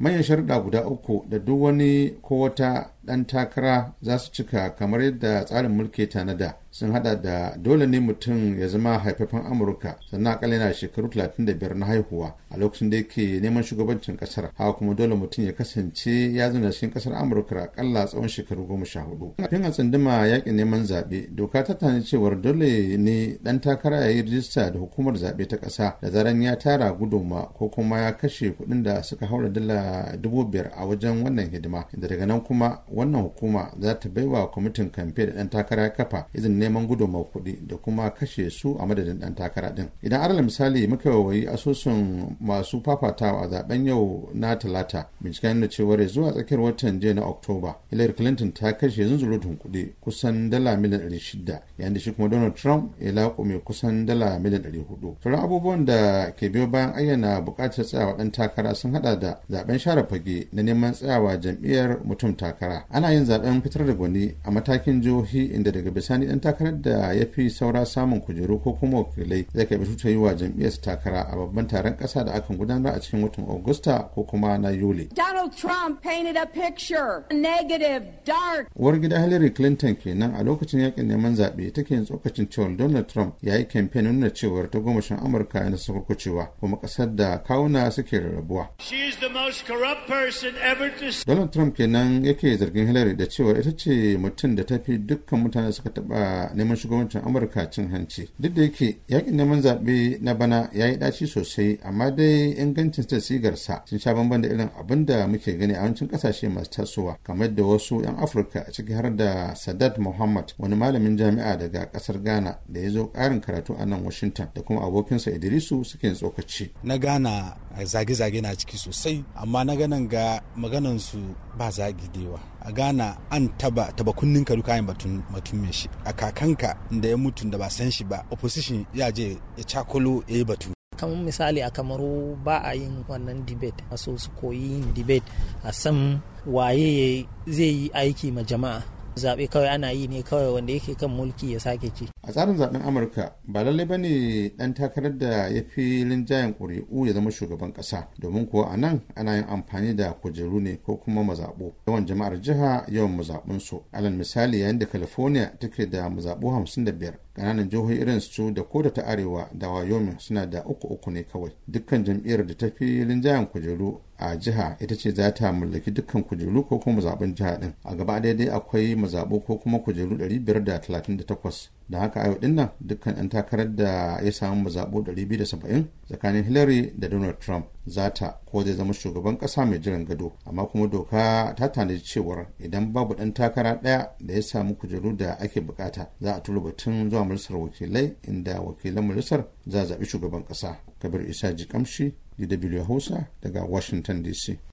manyan sharuɗa guda uku da duk wani ko wata ɗan takara za su cika kamar yadda tsarin mulki tanada sun hada da dole ne mutum ya zama haifafen amurka sannan akalla yana shekaru 35 na haihuwa a lokacin da yake neman shugabancin kasar haka kuma dole mutum ya kasance ya zina cikin kasar amurka akalla tsawon shekaru goma sha hudu kafin a tsunduma yakin neman zaɓe doka ta tana cewar dole ne dan takara ya yi rijista da hukumar zaɓe ta ƙasa da zaran ya tara guduma ko kuma ya kashe kuɗin da suka haura dala dubu biyar a wajen wannan hidima da daga nan kuma wannan hukuma za ta baiwa kwamitin kamfe da ɗan takara ya kafa izin neman gudunmawar kuɗi da kuma kashe su a madadin ɗan takara din idan alal misali muka wayi asusun masu fafatawa a zaben yau na talata binciken da cewar zuwa tsakiyar watan jiya na oktoba hillary clinton ta kashe zunzurutun kuɗi kusan dala miliyan ɗari shida yayin da shi kuma donald trump ya laƙume kusan dala miliyan ɗari hudu sauran abubuwan da ke biyo bayan ayyana buƙatar tsayawa ɗan takara sun haɗa da zaben share fage na neman tsayawa jam'iyyar mutum takara ana yin zaɓen fitar da gwani a matakin jihohi inda daga bisani dan takarar da ya fi saura samun kujeru ko kuma wakilai zai kai batuta yi wa jam'iyyar takara a babban taron kasa da akan gudanar a cikin watan augusta ko kuma na yuli donald trump painted a picture negative dark war gida hillary clinton kenan a lokacin yakin neman zaɓe take yin tsokacin cewa donald trump ya yi kamfen nuna cewar ta gomashin amurka yana sakurkucewa kuma kasar da kawuna suke rarrabuwa donald trump kenan yake zargin hillary da cewa ita ce mutum da ta fi dukkan mutane suka taba neman shugabancin amurka cin hanci duk da yake yakin neman zaɓe na bana ya yi ɗaci sosai amma dai ingancin ta sigarsa sun sha bamban da irin abin da muke gani a yawancin ƙasashe masu tasowa kamar da wasu 'yan afirka a ciki har da sadat muhammad wani malamin jami'a daga ƙasar ghana da ya zo ƙarin karatu a nan washington da kuma abokinsa idrisu suke tsokaci na ghana zage-zage na ciki sosai amma na ganin ga maganansu su ba zagi a gana an taba taba kunnin ka duka batun batun shi a kakanka da ya mutu da ba san shi ba opposition ya je ya cakulo ya yi batu kamar misali a kamaru ba a yin wannan debate masu su koyi yin debate a san waye zai yi aiki ma jama'a zaɓe kawai ana yi ne kawai wanda yake kan mulki ya sake ci. A tsarin zaɓen Amurka ba lallai ba ne ɗan takarar da ya fi linjayen ƙuri'u ya zama shugaban ƙasa domin kuwa a nan ana yin amfani da kujeru ne ko kuma mazaɓo. Yawan jama'ar jiha yawan mazaɓunsu. Alal misali yayin da California take da mazaɓu hamsin da biyar kananan jihohi irin su da koda ta arewa da wyoming suna da uku uku ne kawai dukkan jam'iyyar da ta fi linjayen kujeru a jiha ita ce za ta mallaki dukkan kujeru ko kuma zaben jiha din a gaba daidai akwai mazaɓu ko kuma kujeru 538 da haka ayo yau din dukkan 'yan takarar da ya samu mazaɓo 270 tsakanin hillary da donald trump zata ta ko zai zama shugaban kasa mai jiran gado amma kuma doka ta tanaji cewar idan babu ɗan takara daya da ya samu kujeru da ake bukata za a tura batun zuwa majalisar wakilai inda wakilan majalisar za a zaɓi shugaban kasa kabir isa ji kamshi dw hausa daga washington dc